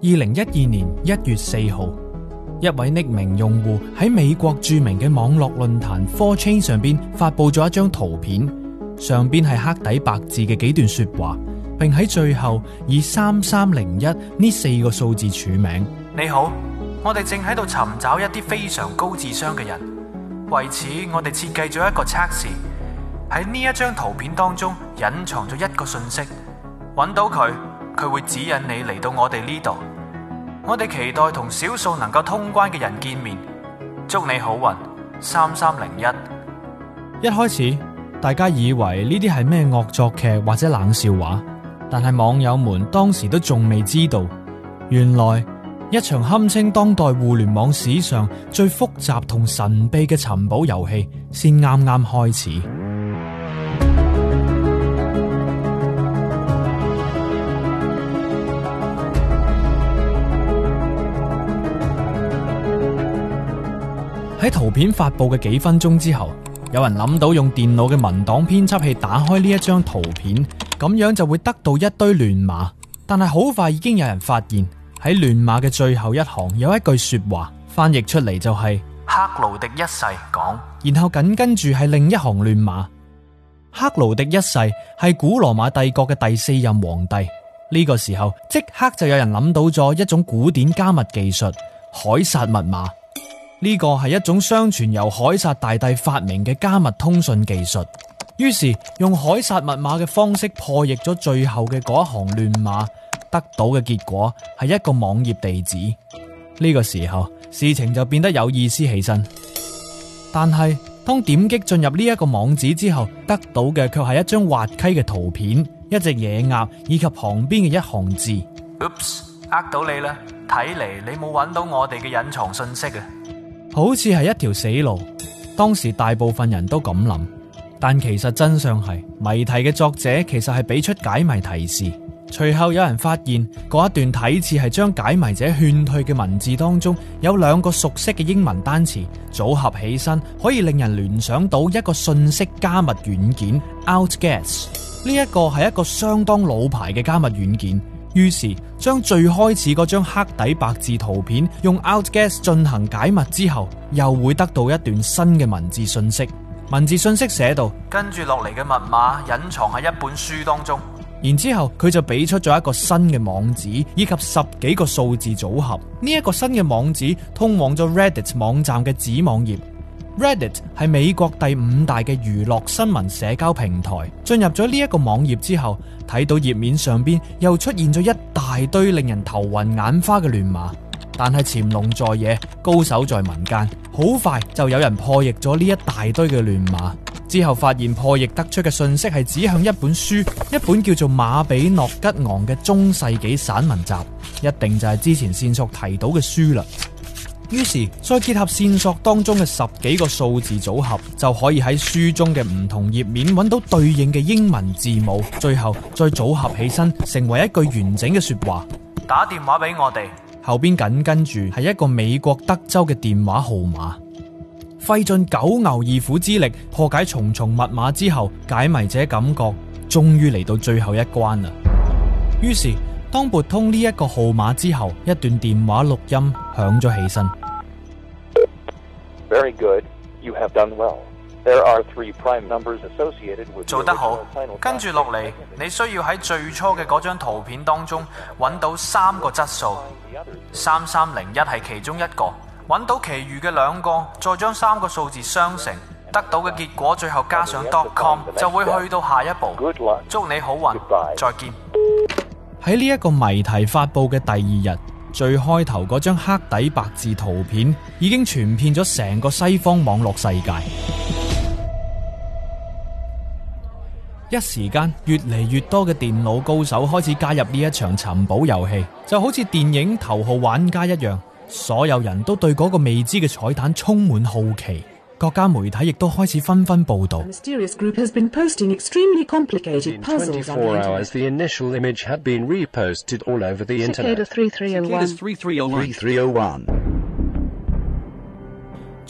二零一二年一月四號，一位匿名用戶喺美國著名嘅網絡論壇 4chan 上邊發佈咗一張圖片，上邊係黑底白字嘅幾段說話，並喺最後以三三零一呢四個數字署名。你好，我哋正喺度尋找一啲非常高智商嘅人，為此我哋設計咗一個測試。喺呢一張圖片當中隱藏咗一個信息，揾到佢。佢會指引你嚟到我哋呢度，我哋期待同少數能夠通關嘅人見面。祝你好運，三三零一。一開始大家以為呢啲係咩惡作劇或者冷笑話，但係網友們當時都仲未知道，原來一場堪稱當代互聯網史上最複雜同神秘嘅尋寶遊戲先啱啱開始。喺圖片發佈嘅幾分鐘之後，有人諗到用電腦嘅文檔編輯器打開呢一張圖片，咁樣就會得到一堆亂碼。但係好快已經有人發現喺亂碼嘅最後一行有一句說話，翻譯出嚟就係、是“克勞迪一世講”，然後緊跟住係另一行亂碼。克勞迪一世係古羅馬帝國嘅第四任皇帝。呢、這個時候即刻就有人諗到咗一種古典加密技術——凱撒密碼。呢個係一種相傳由凱撒大帝發明嘅加密通訊技術。於是用凱撒密碼嘅方式破譯咗最後嘅嗰一行亂碼，得到嘅結果係一個網頁地址。呢、這個時候事情就變得有意思起身。但係當點擊進入呢一個網址之後，得到嘅卻係一張滑稽嘅圖片，一隻野鴨，以及旁邊嘅一行字。Oops，呃到你啦！睇嚟你冇揾到我哋嘅隱藏信息啊！好似係一條死路，當時大部分人都咁諗，但其實真相係謎題嘅作者其實係俾出解謎提示。隨後有人發現嗰一段睇似係將解謎者勸退嘅文字當中有兩個熟悉嘅英文單詞組合起身，可以令人聯想到一個信息加密軟件 Outguess。呢一個係一個相當老牌嘅加密軟件。於是，將最開始嗰張黑底白字圖片用 OutGuess 進行解密之後，又會得到一段新嘅文字信息。文字信息寫到，跟住落嚟嘅密碼隱藏喺一本書當中。然之後佢就俾出咗一個新嘅網址，以及十幾個數字組合。呢、這、一個新嘅網址通往咗 Reddit 網站嘅子網頁。Reddit 係美國第五大嘅娛樂新聞社交平台。進入咗呢一個網頁之後，睇到頁面上邊又出現咗一大堆令人頭暈眼花嘅亂碼。但係潛龍在野，高手在民間，好快就有人破譯咗呢一大堆嘅亂碼。之後發現破譯得出嘅信息係指向一本書，一本叫做《馬比諾吉昂》嘅中世紀散文集，一定就係之前線索提到嘅書啦。於是，再結合線索當中嘅，十幾個數字組合，就可以喺書中嘅唔同頁面揾到對應嘅英文字母，最後再組合起身，成為一句完整嘅說話。打電話俾我哋，後邊緊跟住係一個美國德州嘅電話號碼。費盡九牛二虎之力破解重重密碼之後，解謎者感覺終於嚟到最後一關啦。於是。當撥通呢一個號碼之後，一段電話錄音響咗起身。Very good. You have done well. There are three prime numbers associated with 做得好，跟住落嚟，你需要喺最初嘅嗰張圖片當中揾到三個質數，三三零一係其中一個，揾到其餘嘅兩個，再將三個數字相乘，得到嘅結果最後加上 dot .com 就會去到下一步。祝你好運，再見。喺呢一個謎題發佈嘅第二日，最開頭嗰張黑底白字圖片已經傳遍咗成個西方網絡世界。一時間，越嚟越多嘅電腦高手開始加入呢一場尋寶遊戲，就好似電影頭號玩家一樣，所有人都對嗰個未知嘅彩蛋充滿好奇。各家媒體亦都開始紛紛報導。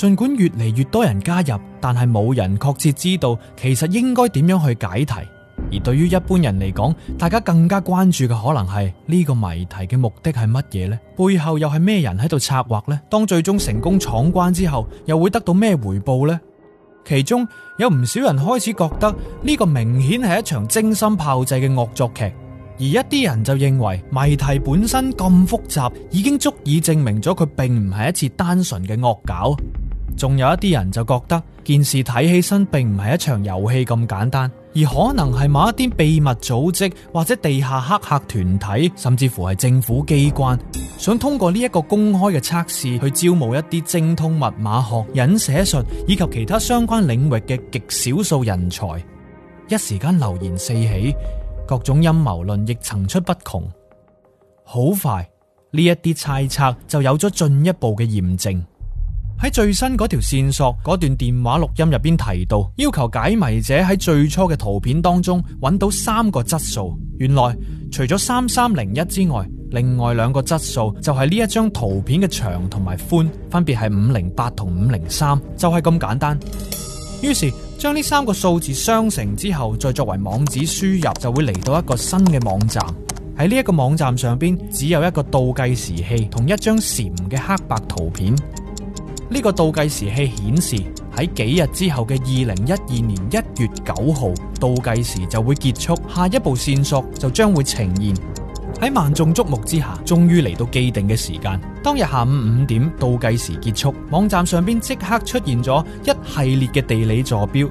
儘管越嚟越多人加入，但係冇人確切知道其實應該點樣去解題。而對於一般人嚟講，大家更加關注嘅可能係呢個謎題嘅目的係乜嘢咧？背後又係咩人喺度策劃咧？當最終成功闖關之後，又會得到咩回報咧？其中有唔少人開始覺得呢個明顯係一場精心炮製嘅惡作劇，而一啲人就認為謎題本身咁複雜，已經足以證明咗佢並唔係一次單純嘅惡搞。仲有一啲人就覺得件事睇起身並唔係一場遊戲咁簡單。而可能係某一啲秘密組織或者地下黑客團體，甚至乎係政府機關，想通過呢一個公開嘅測試去招募一啲精通密碼學、隱寫術以及其他相關領域嘅極少數人才。一時間流言四起，各種陰謀論亦層出不窮。好快，呢一啲猜測就有咗進一步嘅驗證。喺最新嗰條線索嗰段電話錄音入邊提到，要求解謎者喺最初嘅圖片當中揾到三個質數。原來除咗三三零一之外，另外兩個質數就係呢一張圖片嘅長同埋寬，分別係五零八同五零三，就係咁簡單。於是將呢三個數字相乘之後，再作為網址輸入，就會嚟到一個新嘅網站。喺呢一個網站上邊，只有一個倒計時器同一張蟬嘅黑白圖片。呢個倒計時器顯示喺幾日之後嘅二零一二年一月九號，倒計時就會結束，下一步綫索就將會呈現。喺萬眾矚目之下，終於嚟到既定嘅時間。當日下午五點，倒計時結束，網站上邊即刻出現咗一系列嘅地理坐標，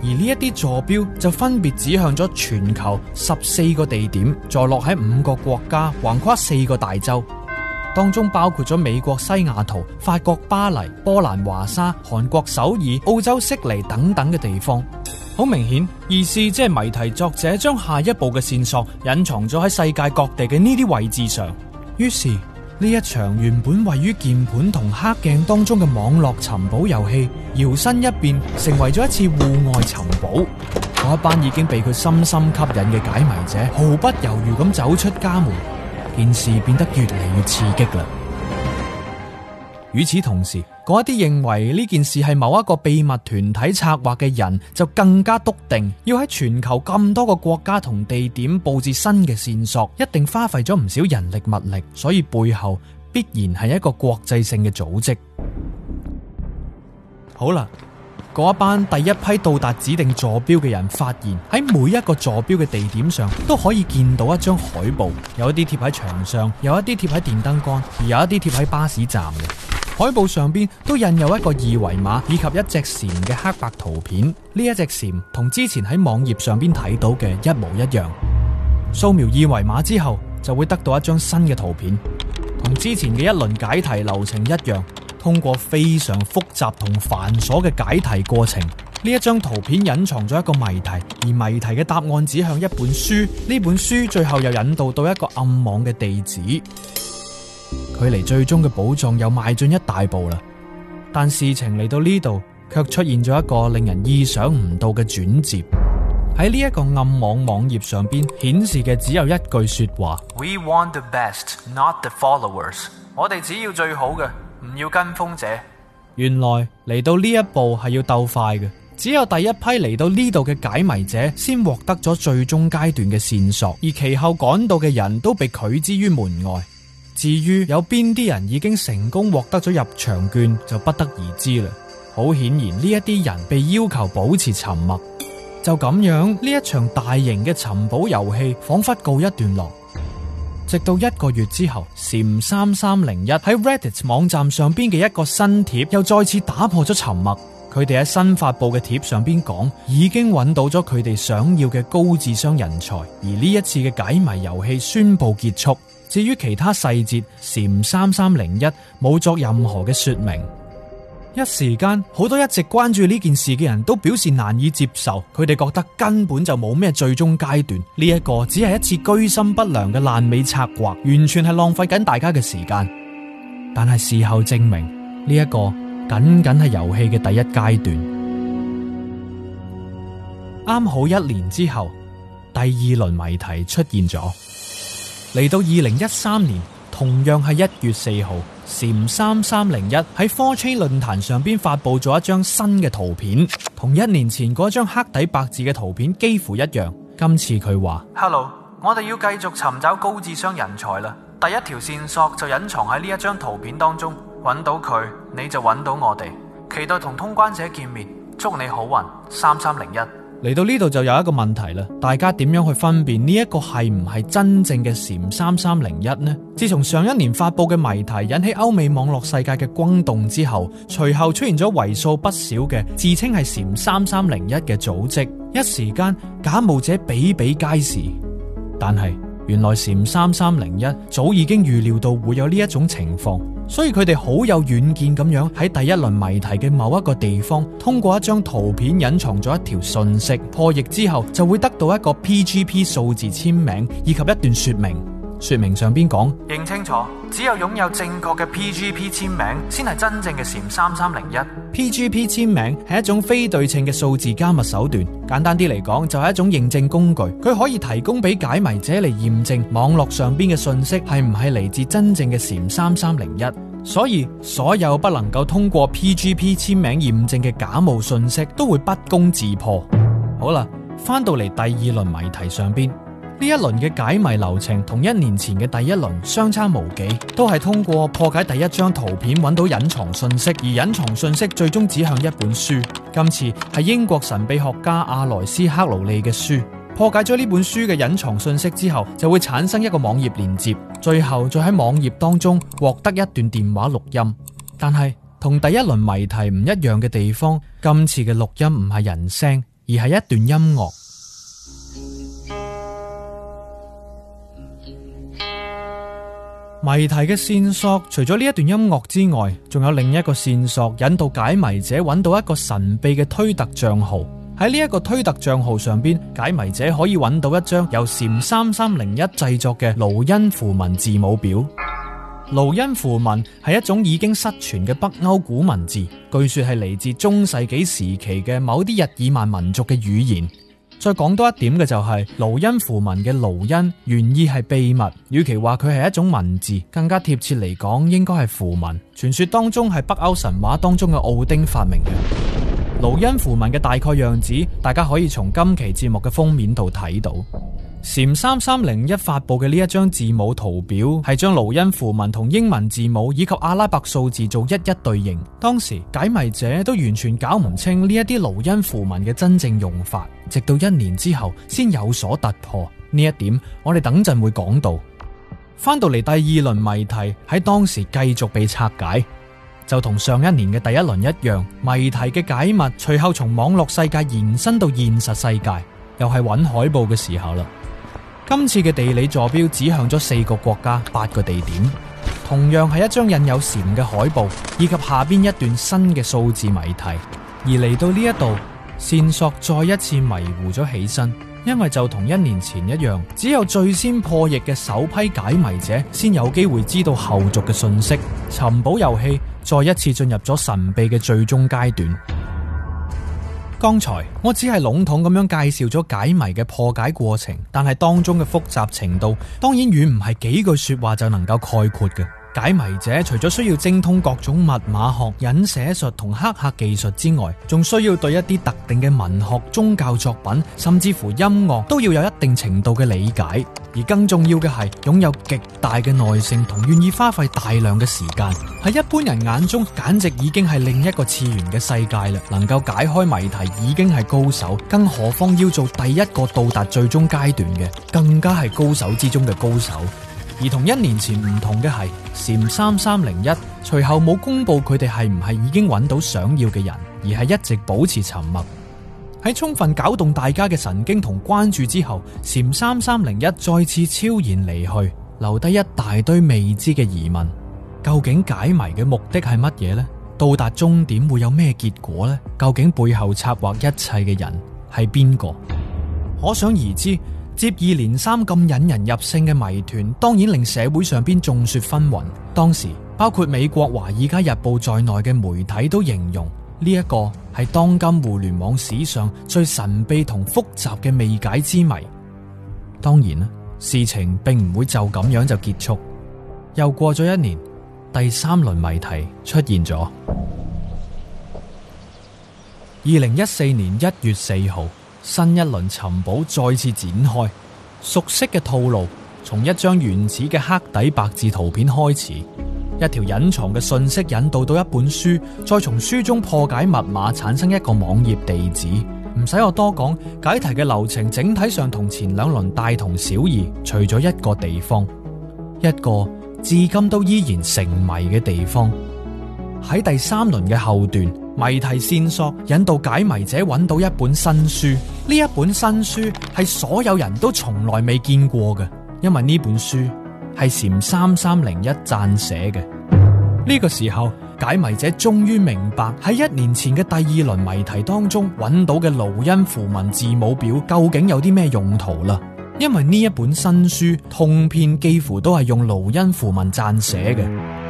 而呢一啲坐標就分別指向咗全球十四個地點，坐落喺五個國家，橫跨四個大洲。當中包括咗美國西雅圖、法國巴黎、波蘭華沙、韓國首爾、澳洲悉尼等等嘅地方，好明顯，意思即係謎題作者將下一步嘅線索隱藏咗喺世界各地嘅呢啲位置上。於是呢一場原本位於鍵盤同黑鏡當中嘅網絡尋寶遊戲，搖身一變成為咗一次戶外尋寶。嗰一班已經被佢深深吸引嘅解謎者，毫不猶豫咁走出家門。件事變得越嚟越刺激啦。與此同時，嗰一啲認為呢件事係某一個秘密團體策劃嘅人，就更加篤定要喺全球咁多個國家同地點布置新嘅線索，一定花費咗唔少人力物力，所以背後必然係一個國際性嘅組織。好啦。嗰一班第一批到達指定坐標嘅人，發現喺每一個坐標嘅地點上都可以見到一張海報，有一啲貼喺牆上，有一啲貼喺電燈桿，而有一啲貼喺巴士站嘅。海報上邊都印有一個二維碼以及一隻蟬嘅黑白圖片。呢一隻蟬同之前喺網頁上邊睇到嘅一模一樣。掃描二維碼之後，就會得到一張新嘅圖片，同之前嘅一輪解題流程一樣。通過非常複雜同繁瑣嘅解題過程，呢一張圖片隱藏咗一個謎題，而謎題嘅答案指向一本書，呢本書最後又引導到一個暗網嘅地址，距離最終嘅寶藏又邁進一大步啦。但事情嚟到呢度，卻出現咗一個令人意想唔到嘅轉折。喺呢一個暗網網頁上邊顯示嘅只有一句說話：We want the best, not the followers。我哋只要最好嘅。唔要跟風者。原來嚟到呢一步係要鬥快嘅，只有第一批嚟到呢度嘅解謎者先獲得咗最終階段嘅線索，而其後趕到嘅人都被拒之於門外。至於有邊啲人已經成功獲得咗入場券，就不得而知啦。好顯然，呢一啲人被要求保持沉默。就咁樣，呢一場大型嘅尋寶遊戲仿佛告一段落。直到一個月之後，蟬三三零一喺 Reddit 網站上邊嘅一個新貼又再次打破咗沉默。佢哋喺新發布嘅貼上邊講，已經揾到咗佢哋想要嘅高智商人才。而呢一次嘅解謎遊戲宣布結束。至於其他細節，蟬三三零一冇作任何嘅說明。一時間，好多一直關注呢件事嘅人都表示難以接受，佢哋覺得根本就冇咩最終階段，呢一個只係一次居心不良嘅爛尾策劃，完全係浪費緊大家嘅時間。但係事後證明，呢一個僅僅係遊戲嘅第一階段。啱好一年之後，第二輪謎題出現咗，嚟到二零一三年。同樣係一月四號，蟬三三零一喺 4chan 論壇上邊發布咗一張新嘅圖片，同一年前嗰張黑底白字嘅圖片幾乎一樣。今次佢話：Hello，我哋要繼續尋找高智商人才啦。第一條線索就隱藏喺呢一張圖片當中，揾到佢你就揾到我哋。期待同通關者見面，祝你好運，三三零一。嚟到呢度就有一個問題啦，大家點樣去分辨呢一個係唔係真正嘅蟬三三零一呢？自從上一年發佈嘅謎題引起歐美網絡世界嘅轟動之後，隨後出現咗為數不少嘅自稱係蟬三三零一嘅組織，一時間假冒者比比皆是，但係。原來蟬3301早已經預料到會有呢一種情況，所以佢哋好有遠見咁樣喺第一輪謎題嘅某一個地方，通過一張圖片隱藏咗一條信息，破譯之後就會得到一個 PGP 數字簽名以及一段說明。說明上邊講，認清楚，只有擁有正確嘅 PGP 簽名，先係真正嘅蟬3301。PGP 簽名係一種非對稱嘅數字加密手段，簡單啲嚟講就係一種認證工具。佢可以提供俾解謎者嚟驗證網絡上邊嘅信息係唔係嚟自真正嘅蟬三三零一，所以所有不能夠通過 PGP 簽名驗證嘅假冒信息都會不攻自破。好啦，返到嚟第二輪謎題上邊。呢一輪嘅解謎流程同一年前嘅第一輪相差無幾，都係通過破解第一張圖片揾到隱藏信息，而隱藏信息最終指向一本書。今次係英國神秘學家阿萊斯克勞利嘅書。破解咗呢本書嘅隱藏信息之後，就會產生一個網頁鏈接，最後再喺網頁當中獲得一段電話錄音。但係同第一輪謎題唔一樣嘅地方，今次嘅錄音唔係人聲，而係一段音樂。謎題嘅線索除咗呢一段音樂之外，仲有另一個線索引導解謎者揾到一個神秘嘅推特賬號。喺呢一個推特賬號上邊，解謎者可以揾到一張由蟬三三零一製作嘅盧恩符文字母表。盧恩符文係一種已經失傳嘅北歐古文字，據說係嚟自中世紀時期嘅某啲日耳曼民族嘅語言。再講多一點嘅就係盧恩符文嘅盧恩，原意係秘密，與其話佢係一種文字，更加貼切嚟講，應該係符文。傳說當中係北歐神話當中嘅奧丁發明嘅。盧恩符文嘅大概樣子，大家可以從今期節目嘅封面度睇到。蟬三三零一發佈嘅呢一張字母圖表係將盧恩符文同英文字母以及阿拉伯數字做一一對應。當時解謎者都完全搞唔清呢一啲盧恩符文嘅真正用法，直到一年之後先有所突破。呢一點我哋等陣會講到。翻到嚟第二輪謎題喺當時繼續被拆解，就同上一年嘅第一輪一樣，謎題嘅解密隨後從網絡世界延伸到現實世界，又係揾海報嘅時候啦。今次嘅地理坐標指向咗四個國家八個地點，同樣係一張印有蟬嘅海報，以及下邊一段新嘅數字謎題。而嚟到呢一度，線索再一次迷糊咗起身，因為就同一年前一樣，只有最先破譯嘅首批解謎者先有機會知道後續嘅信息。尋寶遊戲再一次進入咗神秘嘅最終階段。剛才我只係籠統咁樣介紹咗解謎嘅破解過程，但係當中嘅複雜程度，當然遠唔係幾句說話就能夠概括嘅。解謎者除咗需要精通各種密碼學、隱寫術同黑客技術之外，仲需要對一啲特定嘅文學、宗教作品，甚至乎音樂，都要有一定程度嘅理解。而更重要嘅係，擁有極大嘅耐性同願意花費大量嘅時間，喺一般人眼中，簡直已經係另一個次元嘅世界啦！能夠解開謎題已經係高手，更何況要做第一個到達最終階段嘅，更加係高手之中嘅高手。而同一年前唔同嘅係，蟬三三零一隨後冇公布佢哋係唔係已經揾到想要嘅人，而係一直保持沉默。喺充分攪動大家嘅神經同關注之後，蟬三三零一再次悄然離去，留低一大堆未知嘅疑問。究竟解謎嘅目的係乜嘢呢？到達終點會有咩結果呢？究竟背後策劃一切嘅人係邊個？可想而知。接二連三咁引人入勝嘅謎團，當然令社會上邊眾說紛紜。當時包括美國《華爾街日報》在內嘅媒體都形容呢一個係當今互聯網史上最神秘同複雜嘅未解之謎。當然啦，事情並唔會就咁樣就結束。又過咗一年，第三輪謎題出現咗。二零一四年一月四號。新一輪尋寶再次展開，熟悉嘅套路，從一張原始嘅黑底白字圖片開始，一條隱藏嘅信息引導到一本書，再從書中破解密碼，產生一個網頁地址。唔使我多講，解題嘅流程整體上同前兩輪大同小異，除咗一個地方，一個至今都依然成謎嘅地方，喺第三輪嘅後段。謎題線索引導解謎者揾到一本新書，呢一本新書係所有人都從來未見過嘅，因為呢本書係蟬三三零一撰寫嘅。呢 個時候，解謎者終於明白喺一年前嘅第二輪謎題當中揾到嘅盧恩符文字母表究竟有啲咩用途啦，因為呢一本新書通篇幾乎都係用盧恩符文撰寫嘅。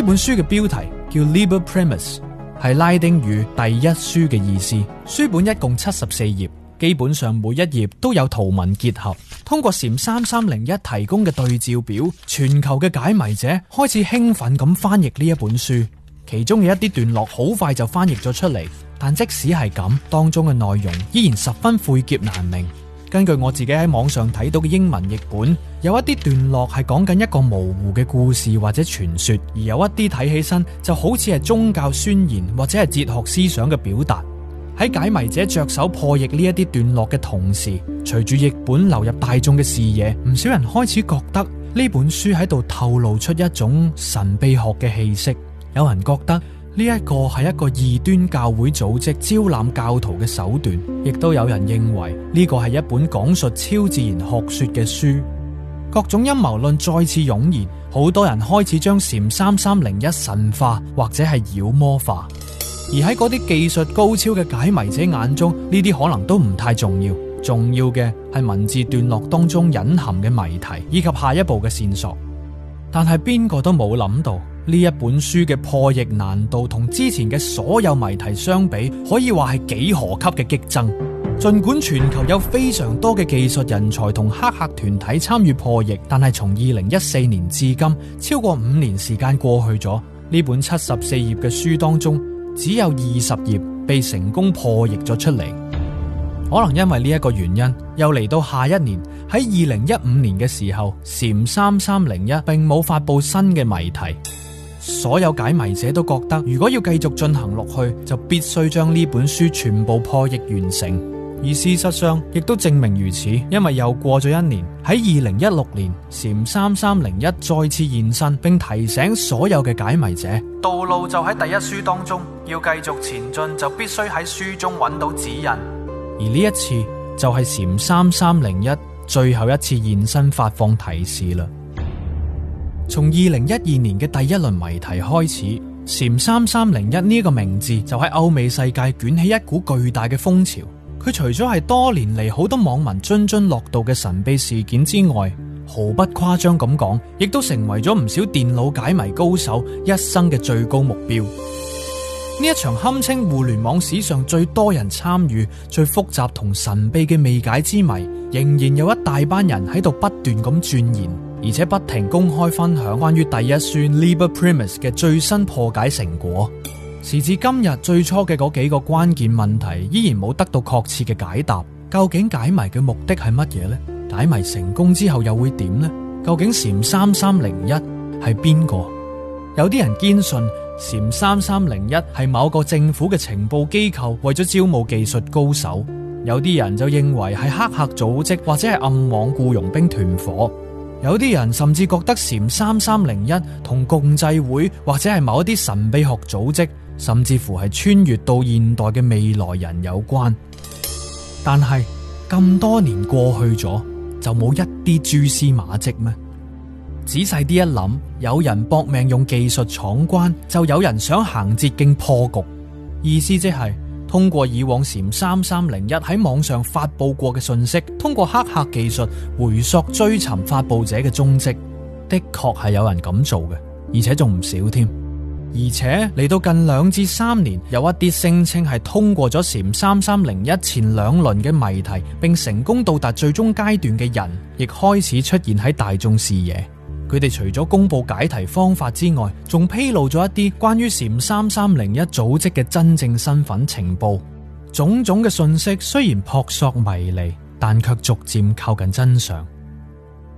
呢本書嘅標題叫《Liber Primus》，係拉丁語第一書嘅意思。書本一共七十四頁，基本上每一頁都有圖文結合。通過《蟬三三零一》提供嘅對照表，全球嘅解謎者開始興奮咁翻譯呢一本書。其中有一啲段落好快就翻譯咗出嚟，但即使係咁，當中嘅內容依然十分晦澀難明。根據我自己喺網上睇到嘅英文譯本，有一啲段落係講緊一個模糊嘅故事或者傳說，而有一啲睇起身就好似係宗教宣言或者係哲學思想嘅表達。喺解謎者着手破譯呢一啲段落嘅同時，隨住譯本流入大眾嘅視野，唔少人開始覺得呢本書喺度透露出一種神秘學嘅氣息。有人覺得。呢一個係一個異端教會組織招攬教徒嘅手段，亦都有人認為呢個係一本講述超自然學說嘅書。各種陰謀論再次湧現，好多人開始將《蟬三三零一》神化或者係妖魔化。而喺嗰啲技術高超嘅解謎者眼中，呢啲可能都唔太重要。重要嘅係文字段落當中隱含嘅謎題以及下一步嘅線索。但係邊個都冇諗到，呢一本書嘅破譯難度同之前嘅所有謎題相比，可以話係幾何級嘅激增。盡管全球有非常多嘅技術人才同黑客團體參與破譯，但係從二零一四年至今，超過五年時間過去咗，呢本七十四頁嘅書當中，只有二十頁被成功破譯咗出嚟。可能因為呢一個原因，又嚟到下一年，喺二零一五年嘅時候，蟬三三零一並冇發佈新嘅謎題。所有解謎者都覺得，如果要繼續進行落去，就必須將呢本書全部破譯完成。而事實上，亦都證明如此，因為又過咗一年，喺二零一六年，蟬三三零一再次現身，並提醒所有嘅解謎者，道路就喺第一書當中，要繼續前進就必須喺書中揾到指引。而呢一次就係蟬三三零一最後一次現身發放提示啦。從二零一二年嘅第一輪謎題開始，蟬三三零一呢個名字就喺歐美世界捲起一股巨大嘅風潮。佢除咗係多年嚟好多網民津津樂道嘅神秘事件之外，毫不誇張咁講，亦都成為咗唔少電腦解謎高手一生嘅最高目標。呢一場堪稱互聯網史上最多人參與、最複雜同神秘嘅未解之謎，仍然有一大班人喺度不斷咁鑽研。而且不停公開分享關於第一書 Liber Primus 嘅最新破解成果。時至今日，最初嘅嗰幾個關鍵問題依然冇得到確切嘅解答。究竟解謎嘅目的係乜嘢呢？解謎成功之後又會點呢？究竟蟬三三零一係邊個？有啲人堅信蟬三三零一係某個政府嘅情報機構為咗招募技術高手，有啲人就認為係黑客組織或者係暗網僱傭兵團夥。有啲人甚至覺得蟬三三零一同共濟會或者係某一啲神秘學組織，甚至乎係穿越到現代嘅未來人有關。但係咁多年過去咗，就冇一啲蛛絲馬跡咩？仔細啲一諗，有人搏命用技術闖關，就有人想行捷徑破局，意思即係。通過以往《蟬三三零一》喺網上發布過嘅信息，通過黑客技術回溯追尋發布者嘅蹤跡，的確係有人咁做嘅，而且仲唔少添。而且嚟到近兩至三年，有一啲聲稱係通過咗《蟬三三零一》前兩輪嘅謎題，並成功到達最終階段嘅人，亦開始出現喺大眾視野。佢哋除咗公布解題方法之外，仲披露咗一啲關於蟬三三零一組織嘅真正身份情報，種種嘅信息雖然撲朔迷離，但卻逐漸靠近真相。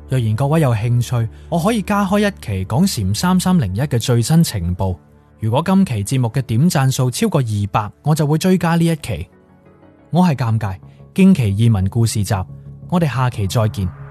若然各位有興趣，我可以加開一期講蟬三三零一嘅最新情報。如果今期節目嘅點讚數超過二百，我就會追加呢一期。我係尷尬，驚奇異聞故事集，我哋下期再見。